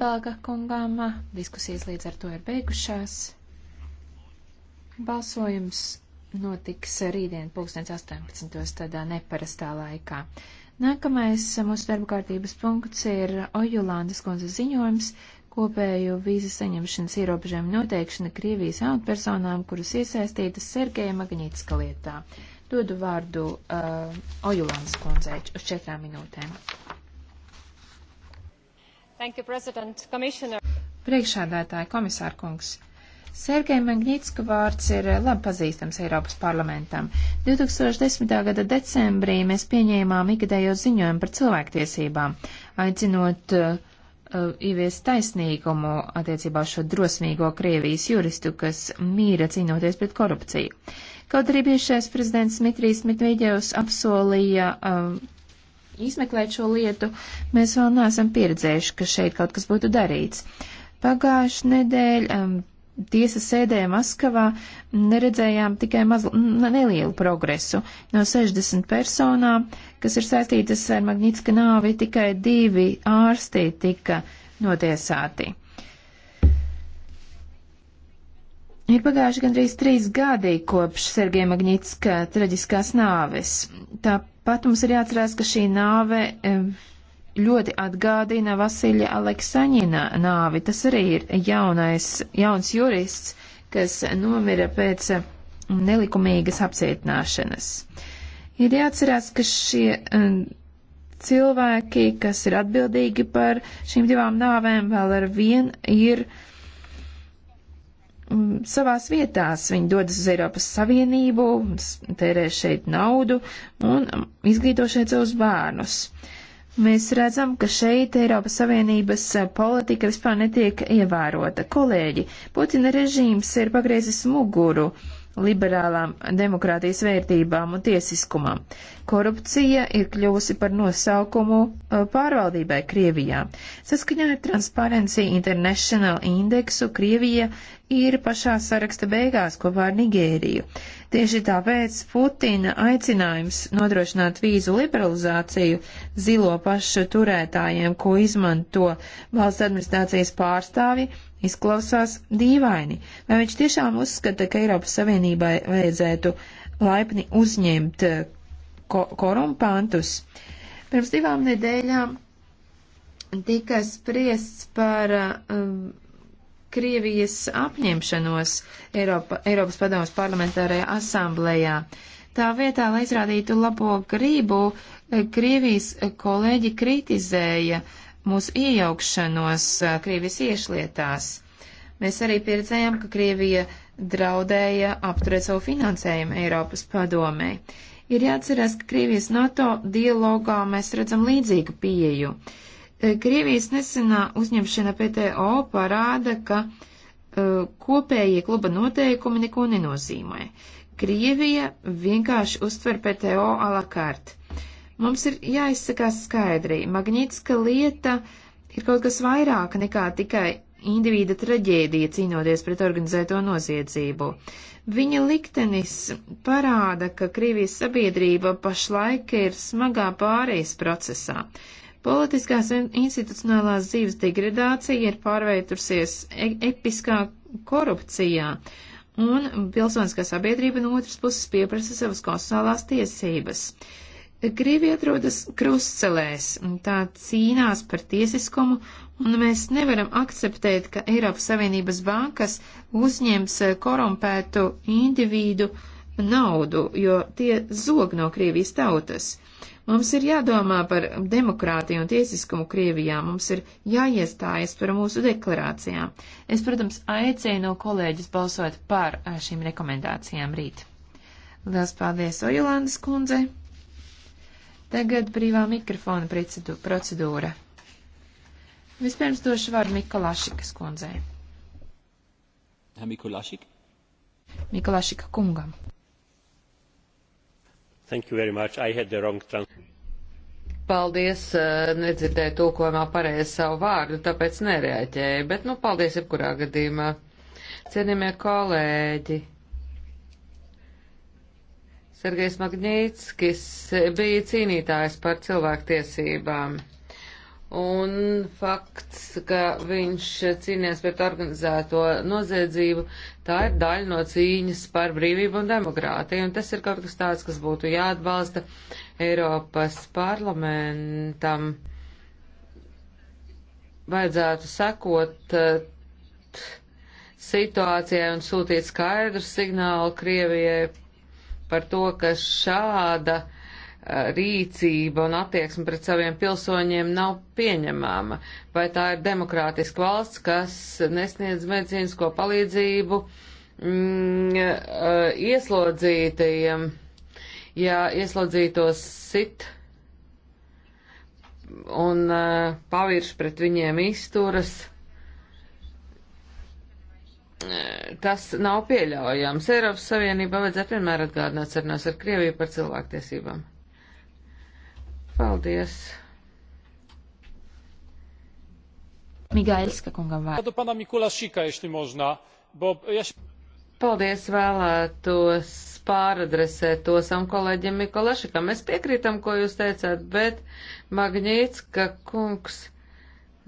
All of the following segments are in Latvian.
Belga kungām diskusijas līdz ar to ir beigušās. Balsojums notiks rītdien pulkstens 18. tādā neparastā laikā. Nākamais mūsu darba kārtības punkts ir Ojulandas kundzes ziņojums kopēju vīzu saņemšanas ierobežojumu noteikšana Krievijas amatpersonām, kuras iesaistītas Sergeja Magnītiska lietā. Dodu vārdu uh, Ojulandas kundzei uz četrām minūtēm. Priekšādātāja komisāra kungs. Sergei Magnitska vārds ir eh, labi pazīstams Eiropas parlamentam. 2010. gada decembrī mēs pieņēmām ikgadējo ziņojumu par cilvēktiesībām, aicinot uh, eh, ievies taisnīgumu attiecībā uz šo drosmīgo Krievijas juristu, kas mīra cīnoties pret korupciju. Kaut arī bijušais prezidents Dmitrijs Medvedevs apsolīja uh, izmeklēt šo lietu, mēs vēl neesam pieredzējuši, ka šeit kaut kas būtu darīts. Pagājuši nedēļ um, tiesas sēdē Maskavā mm, neredzējām tikai maz, mm, nelielu progresu. No 60 personām, kas ir saistītas ar Magnitska nāvi, tikai divi ārstī tika notiesāti. Ir pagājuši gandrīz trīs gadi kopš Sergeja Magnitska traģiskās nāves. Tāpat mums ir jāatcerās, ka šī nāve eh, ļoti atgādina Vasilja Aleksaņina nāvi. Tas arī ir jaunais, jauns jurists, kas nomira pēc eh, nelikumīgas apcietināšanas. Ir jāatcerās, ka šie eh, cilvēki, kas ir atbildīgi par šīm divām nāvēm, vēl ar vien ir uh, Mm, savās vietās. Viņi dodas uz Eiropas Savienību, tērē šeit naudu un izglīto šeit savus bērnus. Mēs redzam, ka šeit Eiropas Savienības eh, politika vispār netiek ievērota. Kolēģi, Putina režīms ir pagriezis muguru uh, liberālām demokrātijas vērtībām un tiesiskumam. Korupcija ir kļuvusi par nosaukumu uh, pārvaldībai Krievijā. Saskaņā ar Transparency International indeksu Krievija ir pašā saraksta beigās kopā ar Nigēriju. Tieši tāpēc Putina aicinājums nodrošināt vīzu liberalizāciju zilo pašu turētājiem, ko izmanto valsts administrācijas pārstāvi, izklausās dīvaini. Vai viņš tiešām uzskata, ka Eiropas Savienībai vajadzētu laipni uzņemt eh, ko korumpantus? Pirms divām nedēļām tika spriests par um, Krievijas apņemšanos Eiropa, Eiropas Padomus parlamentārajā asamblējā. Tā vietā, lai izrādītu labo gribu, eh, Krievijas kolēģi kritizēja uh, mūsu iejaukšanos Krievijas iešlietās. Mēs arī pieredzējām, ka Krievija draudēja apturēt savu finansējumu Eiropas padomē. Ir jāatcerās, ka Krievijas NATO dialogā mēs redzam līdzīgu pieju. Krievijas nesenā uzņemšana PTO parāda, ka uh, kopējie kluba noteikumi neko nenozīmē. Krievija vienkārši uztver PTO a la carte. Mums ir jāizsakās skaidri. Magnītiska lieta ir kaut kas vairāk nekā tikai individa traģēdija cīnoties pret organizēto noziedzību. Viņa liktenis parāda, ka Krievijas sabiedrība pašlaik ir smagā pārejas procesā. Politiskās un institucionālās dzīves degradācija ir pārvērtusies e episkā korupcijā, un pilsoniskā sabiedrība no otras puses pieprasa savas konstitucionālās tiesības. Grievi atrodas krustcelēs un tā cīnās par tiesiskumu, un mēs nevaram akceptēt, ka Eiropas Savienības bankas uzņems eh, korumpētu individu naudu, jo tie zog no Krievijas tautas. Mums ir jādomā par demokrātiju un tiesiskumu Krievijā, mums ir jāiestājas par mūsu deklarācijām. Es, protams, aicinu kolēģis balsot par eh, šīm rekomendācijām rīt. Lielas paldies, Ojolandas kundze! Tagad brīvā mikrofona procedūra. Vispirms došu vārdu Mikolašikas kundzei. Mikolašik? Mikolašika kungam. Thank you very much. I had the wrong translation. Paldies, eh, nedzirdēju tulkojumā pareizi savu vārdu, tāpēc nereaģēju, bet, nu, paldies jebkurā gadījumā. Cienījamie kolēģi! Sergejs Magnītskis bija cīnītājs par cilvēktiesībām. Un fakts, ka viņš cīnījās pret organizēto noziedzību, tā ir daļa no cīņas par brīvību un demokrātiju. Un tas ir kaut kas tāds, kas būtu jāatbalsta Eiropas parlamentam. Vajadzētu sekot uh, situācijai un sūtīt skaidru signālu Krievijai par to, ka šāda eh, rīcība un attieksme pret saviem pilsoņiem nav pieņemama, vai tā ir demokrātiska valsts, kas nesniedz medicīnisko palīdzību mm, eh, ieslodzītajiem, ja ieslodzītos sit un eh, pavirš pret viņiem izturas kas nav pieļaujams. Eiropas Savienībā vajadzētu vienmēr atgādināt sarunās ar Krieviju par cilvēktiesībām. Paldies! Migailska kungam vārds. Paldies vēlētos pāradresēt to sam kolēģim Mikolašikam. Mēs piekrītam, ko jūs teicāt, bet Magnītska kungs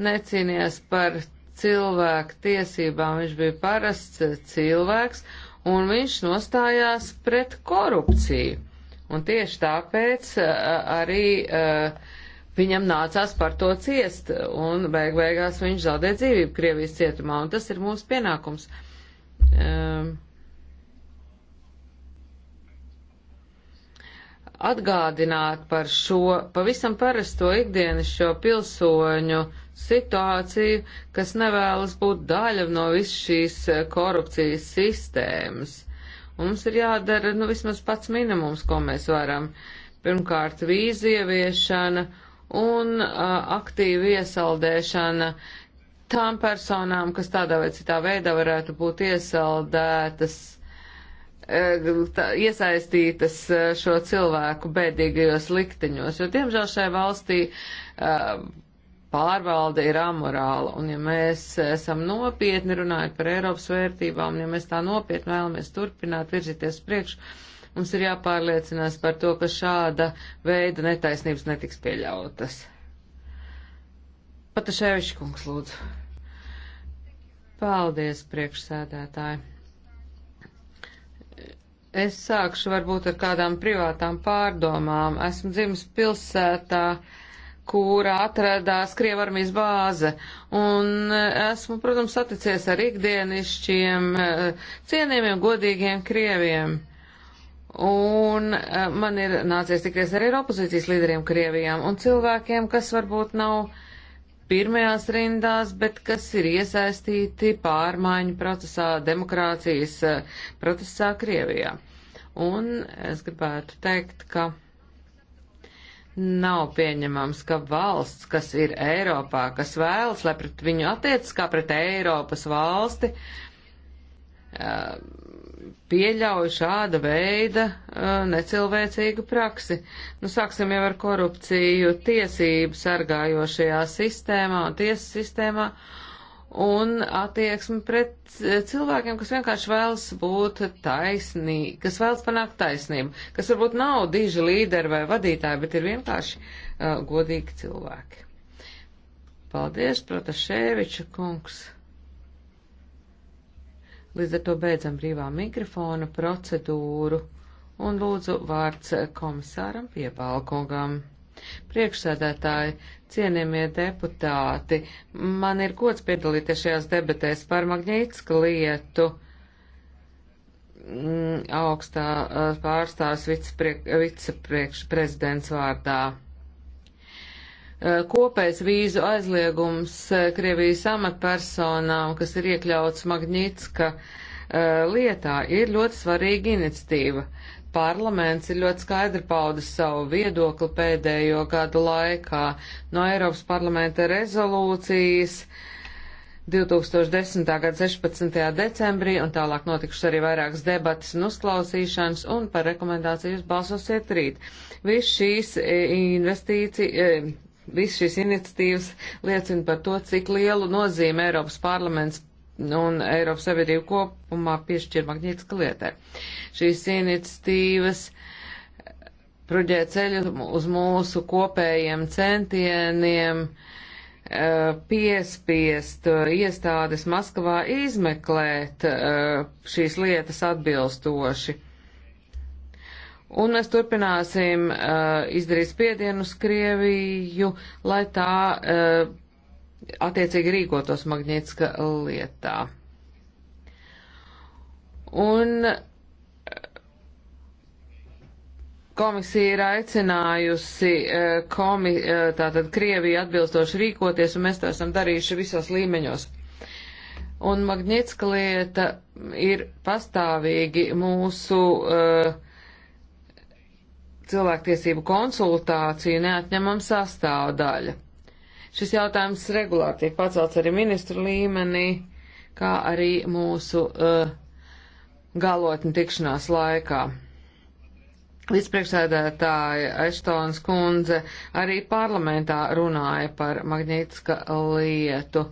necīnījās par cilvēku tiesībām, viņš bija parasts cilvēks, un viņš nostājās pret korupciju. Un tieši tāpēc arī viņam nācās par to ciest, un beig beigās viņš zaudēja dzīvību Krievijas cietumā, un tas ir mūsu pienākums. Atgādināt par šo pavisam parasto ikdienas šo pilsoņu situāciju, kas nevēlas būt daļa no visas šīs eh, korupcijas sistēmas. Un mums ir jādara, nu, vismaz pats minimums, ko mēs varam. Pirmkārt, vīzieviešana un uh, eh, aktīva iesaldēšana tām personām, kas tādā vai citā veidā varētu būt iesaldētas, eh, iesaistītas šo cilvēku bēdīgajos likteņos, jo, diemžēl, šai valstī uh, pārvalde ir amorāla, un ja mēs esam nopietni runājot par Eiropas vērtībām, ja mēs tā nopietni vēlamies turpināt virzīties priekš, mums ir jāpārliecinās par to, ka šāda veida netaisnības netiks pieļautas. Pataševišķi kungs, lūdzu. Paldies, priekšsēdētāji. Es sākšu varbūt ar kādām privātām pārdomām. Esmu dzimis pilsētā, uh, kur atradās Krievarmijas bāze. Un e, esmu, protams, saticies ar ikdienišķiem, e, cienījumiem, godīgiem Krieviem. Un e, man ir nācies tikties arī ar opozīcijas līderiem Krievijām un cilvēkiem, kas varbūt nav pirmajās rindās, bet kas ir iesaistīti pārmaiņu procesā, demokrācijas procesā Krievijā. Un es gribētu teikt, ka Nav pieņemams, ka valsts, kas ir Eiropā, kas vēlas, lai pret viņu attiecas kā pret Eiropas valsti, eh, pieļauj šāda veida eh, necilvēcīgu praksi. Nu, sāksim jau ar korupciju tiesību sargājošajā sistēmā, tiesas sistēmā. Uh, un attieksmi pret eh, cilvēkiem, kas vienkārši vēlas būt taisnīgi, kas vēlas panākt taisnību, kas varbūt nav diži līderi vai vadītāji, bet ir vienkārši uh, godīgi cilvēki. Paldies, Protaševiča kungs. Līdz ar to beidzam brīvā mikrofona procedūru un lūdzu vārds eh, komisāram Piebalkogam. Priekšsēdētāji, cienījamie deputāti, man ir gods piedalīties šajās debatēs par Magnītisku lietu. Mm, augstā eh, pārstāvis vicepriekšprezidents vārdā. Eh, kopējs vīzu aizliegums eh, Krievijas amatpersonām, kas ir iekļauts Magnītiska lietā, ir ļoti svarīga iniciatīva. Parlaments ir ļoti skaidri paudis savu viedokli pēdējo gadu laikā no Eiropas parlamenta rezolūcijas 2010. gada 16. decembrī, un tālāk notikušas arī vairākas debatas un uzklausīšanas, un par rekomendāciju jūs balsosiet rīt. Viss šīs e, investīcija, e, viss šīs iniciatīvas liecina par to, cik lielu nozīmi Eiropas parlaments Nu, un Eiropas Savienību kopumā piešķir magnētiska lietai. Šīs iniciatīvas proģē ceļu uz mūsu kopējiem centieniem eh, piespiest eh, iestādes Maskavā izmeklēt eh, šīs lietas atbilstoši. Un mēs turpināsim izdarīt spiedienu uz Krieviju, lai tā attiecīgi rīkotos Magnitska lietā. Un komisija ir aicinājusi eh, komi, eh, tātad Krieviju atbilstoši rīkoties, un mēs to esam darījuši visos līmeņos. Un Magnitska lieta ir pastāvīgi mūsu uh, cilvēktiesību konsultāciju neatņemama sastāvdaļa. Šis jautājums regulāri tiek pacelts arī ministru līmenī, kā arī mūsu uh, galotņu tikšanās laikā. Vicepriekšsēdētāja Eštons kundze arī parlamentā runāja par Magnītiska lietu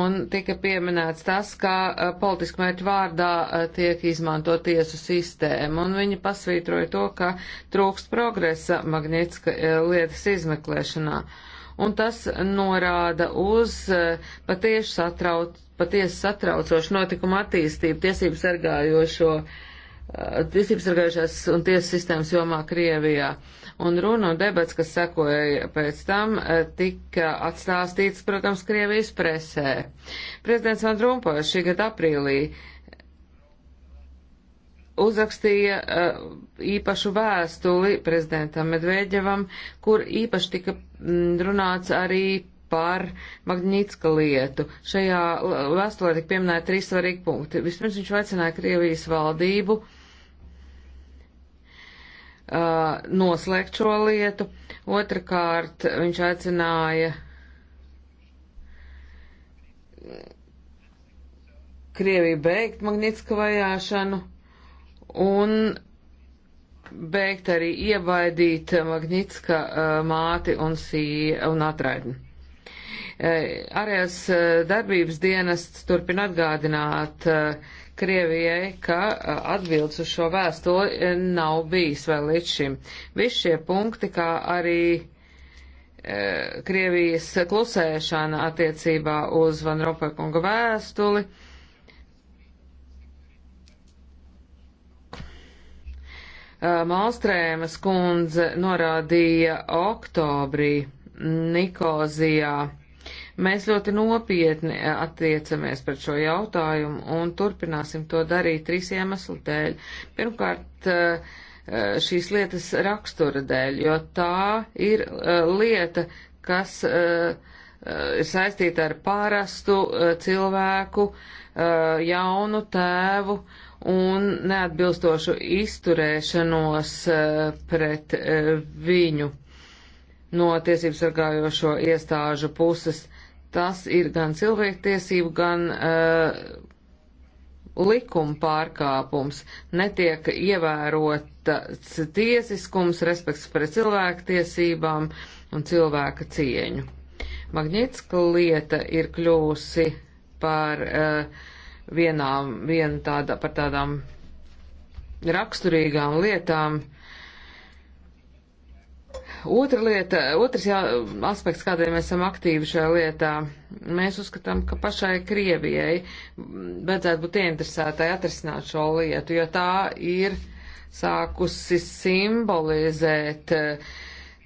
un tika pieminēts tas, ka uh, politiski mērķu vārdā uh, tiek izmanto tiesu sistēma, un viņi pasvītroja to, ka trūkst progresa Magnitska uh, lietas izmeklēšanā. Uh, un tas norāda uz eh, patieši satrauc, patiesi satraucošu notikumu attīstību tiesību sargājošo eh, tiesības sargājušās un tiesas sistēmas jomā Krievijā. Un runa un debats, kas sekoja pēc tam, eh, tika atstāstīts, protams, Krievijas presē. Prezidents Van Rumpojas šī gada aprīlī uh, uzrakstīja uh, īpašu vēstuli prezidentam Medveģevam, kur īpaši tika mm, runāts arī par Magnitska lietu. Šajā eh, vēstulē tika pieminēta trīs svarīgi punkti. Vispirms viņš aicināja Krievijas valdību uh, noslēgt šo lietu. Otrakārt, viņš aicināja Krieviju beigt Magnitska vajāšanu un beigt arī iebaidīt Magnitska eh, māti un, sī, un atraidni. Eh, Arējās eh, darbības dienests turpina atgādināt Krievijai, ka atbildes uz šo vēstuli nav bijis vēl līdz šim. Visi šie punkti, kā arī Krievijas klusēšana attiecībā uz Van Ropekunga vēstuli, Malstrēmas kundze norādīja oktobrī Nikozijā. Mēs ļoti nopietni attiecamies pret šo jautājumu un turpināsim to darīt trīs iemeslu dēļ. Pirmkārt, šīs lietas rakstura dēļ, jo tā ir lieta, kas uh, Eh, ir saistīta ar pārastu eh, cilvēku, eh, jaunu tēvu un neatbilstošu izturēšanos pret viņu no tiesību sargājošo iestāžu puses. Tas ir gan cilvēktiesību, gan uh, likuma pārkāpums. Netiek ievērotas tiesiskums, respekts pret cilvēktiesībām un cilvēka cieņu. Magnitska lieta ir kļūsi par uh, vienām, vien tāda, par tādām raksturīgām lietām. Otra lieta, otrs jā, aspekts, kādēļ mēs esam aktīvi šajā lietā, mēs uzskatām, ka pašai Krievijai vajadzētu būt ieinteresētai atrisināt šo lietu, jo tā ir sākusi simbolizēt eh,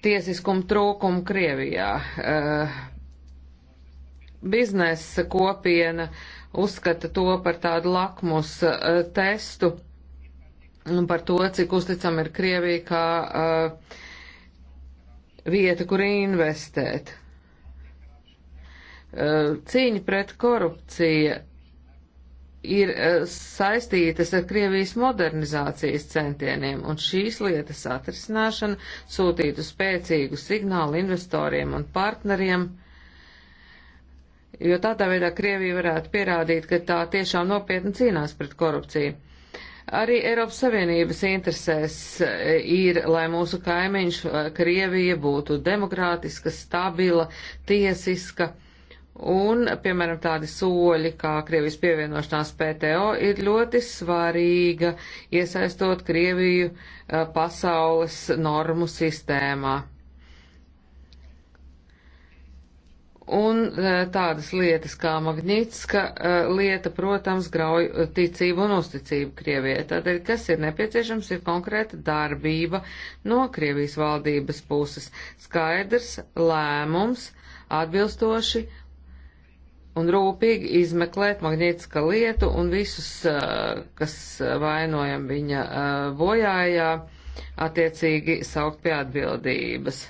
tiesiskumu trūkumu Krievijā. Uh, biznesa kopiena uzskata to par tādu lakmus eh, testu un nu, par to, cik uzticam ir Krievija kā uh, vieta, kur investēt. Uh, cīņa pret korupciju ir uh, saistītas ar Krievijas modernizācijas centieniem, un šīs lietas atrisināšana sūtītu spēcīgu signālu investoriem un partneriem jo tādā veidā Krievija varētu pierādīt, ka tā tiešām nopietni cīnās pret korupciju. Arī Eiropas Savienības interesēs e, ir, lai mūsu kaimiņš e, Krievija būtu demokrātiska, stabila, tiesiska, un, piemēram, tādi soļi kā Krievijas pievienošanās PTO ir ļoti svarīga, iesaistot Krieviju e, pasaules normu sistēmā. Un e, tādas lietas kā Magnitska e, lieta, protams, grauj ticību un uzticību Krievijai. Tādēļ, kas ir nepieciešams, ir konkrēta darbība no Krievijas valdības puses. Skaidrs lēmums atbilstoši un rūpīgi izmeklēt Magnitska lietu un visus, e, kas vainojam viņa bojājā, attiecīgi saukt pie atbildības.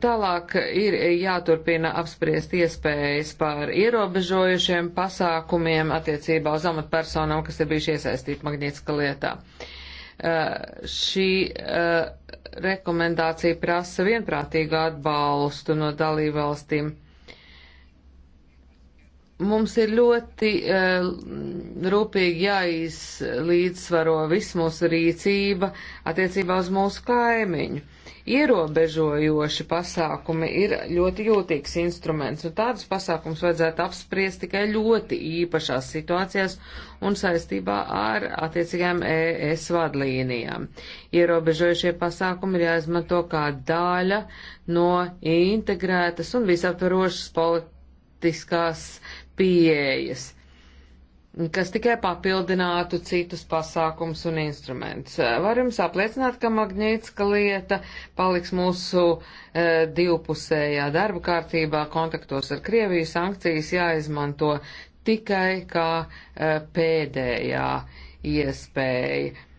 Tālāk ir jāturpina apspriest iespējas par ierobežojušiem pasākumiem attiecībā uz amatpersonām, kas ir bijuši iesaistīti Magnītiska lietā. Eh, šī eh, rekomendācija prasa vienprātīgu atbalstu no dalībvalstīm. Mums ir ļoti uh, rūpīgi jāizlīdzsvaro viss mūsu rīcība attiecībā uz mūsu kaimiņu. Ierobežojoši pasākumi ir ļoti jūtīgs instruments, un tādus pasākumus vajadzētu apspriest tikai ļoti īpašās situācijās un saistībā ar attiecīgām ES vadlīnijām. Ierobežojošie pasākumi ir jāizmanto kā daļa no integrētas un visaptvarošas politikas praktiskās pieejas, kas tikai papildinātu citus pasākums un instrumentus. Var jums apliecināt, ka Magnētiska lieta paliks mūsu e, divpusējā darba kārtībā, kontaktos ar Krieviju sankcijas jāizmanto tikai kā e, pēdējā iespēja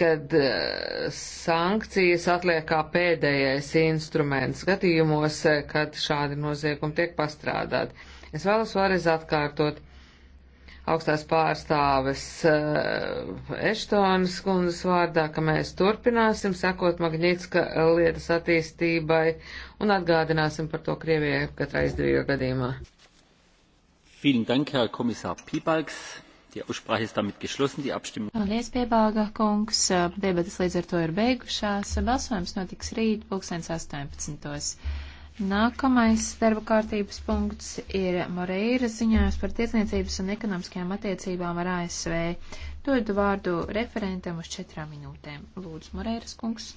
kad eh, sankcijas atliek kā pēdējais instruments gadījumos, eh, kad šādi noziegumi tiek pastrādāti. Es vēlos vēlreiz atkārtot augstās pārstāves eh, Eštonas kundzes vārdā, ka mēs turpināsim sekot Magnitska lietas attīstībai un atgādināsim par to Krievijai katrā izdevīgā gadījumā. Vielen Dank, Herr Kommissar Piebalgs. Paldies, Piebāga kungs. Debatas līdz ar to ir beigušās. Balsojums notiks rīt, 2018. Nākamais darba kārtības punkts ir Moreiras ziņojums par tiesniecības un ekonomiskajām attiecībām ar ASV. Dodu vārdu referentam uz četrām minūtēm. Lūdzu, Moreiras kungs.